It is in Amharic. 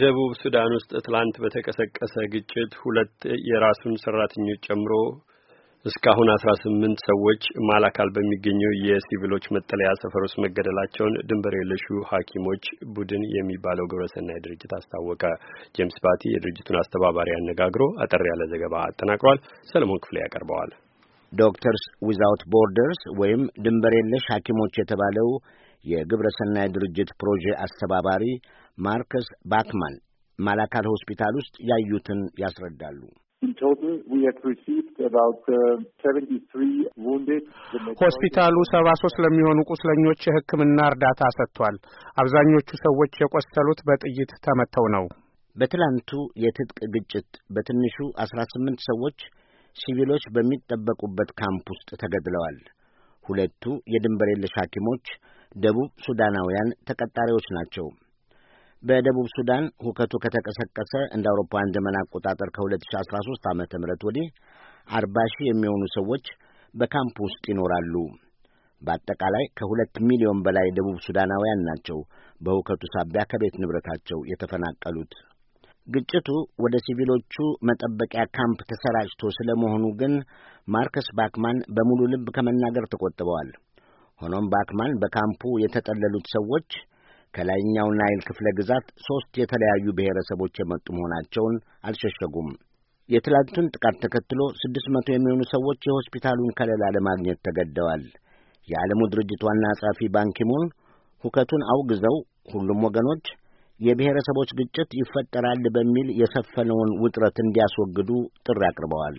ደቡብ ሱዳን ውስጥ ትላንት በተቀሰቀሰ ግጭት ሁለት የራሱን ሰራተኞች ጨምሮ እስካሁን አስራ ስምንት ሰዎች ማላካል በሚገኘው የሲቪሎች መጠለያ ሰፈር ውስጥ መገደላቸውን ድንበር የለሹ ሐኪሞች ቡድን የሚባለው ግብረሰናይ ድርጅት አስታወቀ። ጄምስ ባቲ የድርጅቱን አስተባባሪ አነጋግሮ አጠር ያለ ዘገባ አጠናቅሯል። ሰለሞን ክፍሌ ያቀርበዋል። ዶክተርስ ዊዛውት ቦርደርስ ወይም ድንበር የለሽ ሐኪሞች የተባለው የግብረሰናይ ድርጅት ፕሮጄ አስተባባሪ ማርከስ ባክማን ማላካል ሆስፒታል ውስጥ ያዩትን ያስረዳሉ። uh, ሆስፒታሉ ሰባ ሶስት ለሚሆኑ ቁስለኞች የሕክምና እርዳታ ሰጥቷል። አብዛኞቹ ሰዎች የቆሰሉት በጥይት ተመተው ነው። በትላንቱ የትጥቅ ግጭት በትንሹ አስራ ስምንት ሰዎች ሲቪሎች በሚጠበቁበት ካምፕ ውስጥ ተገድለዋል። ሁለቱ የድንበር የለሽ ሐኪሞች ደቡብ ሱዳናውያን ተቀጣሪዎች ናቸው። በደቡብ ሱዳን ሁከቱ ከተቀሰቀሰ እንደ አውሮፓውያን ዘመን አቆጣጠር ከ2013 ዓ ም ወዲህ አርባ ሺህ የሚሆኑ ሰዎች በካምፕ ውስጥ ይኖራሉ። በአጠቃላይ ከሁለት ሚሊዮን በላይ ደቡብ ሱዳናውያን ናቸው በሁከቱ ሳቢያ ከቤት ንብረታቸው የተፈናቀሉት። ግጭቱ ወደ ሲቪሎቹ መጠበቂያ ካምፕ ተሰራጭቶ ስለ መሆኑ ግን ማርከስ ባክማን በሙሉ ልብ ከመናገር ተቆጥበዋል። ሆኖም ባክማን በካምፑ የተጠለሉት ሰዎች ከላይኛው ናይል ክፍለ ግዛት ሦስት የተለያዩ ብሔረሰቦች የመጡ መሆናቸውን አልሸሸጉም። የትላንቱን ጥቃት ተከትሎ ስድስት መቶ የሚሆኑ ሰዎች የሆስፒታሉን ከለላ ለማግኘት ተገደዋል። የዓለሙ ድርጅት ዋና ጸሐፊ ባንኪሙን ሁከቱን አውግዘው ሁሉም ወገኖች የብሔረሰቦች ግጭት ይፈጠራል በሚል የሰፈነውን ውጥረት እንዲያስወግዱ ጥሪ አቅርበዋል።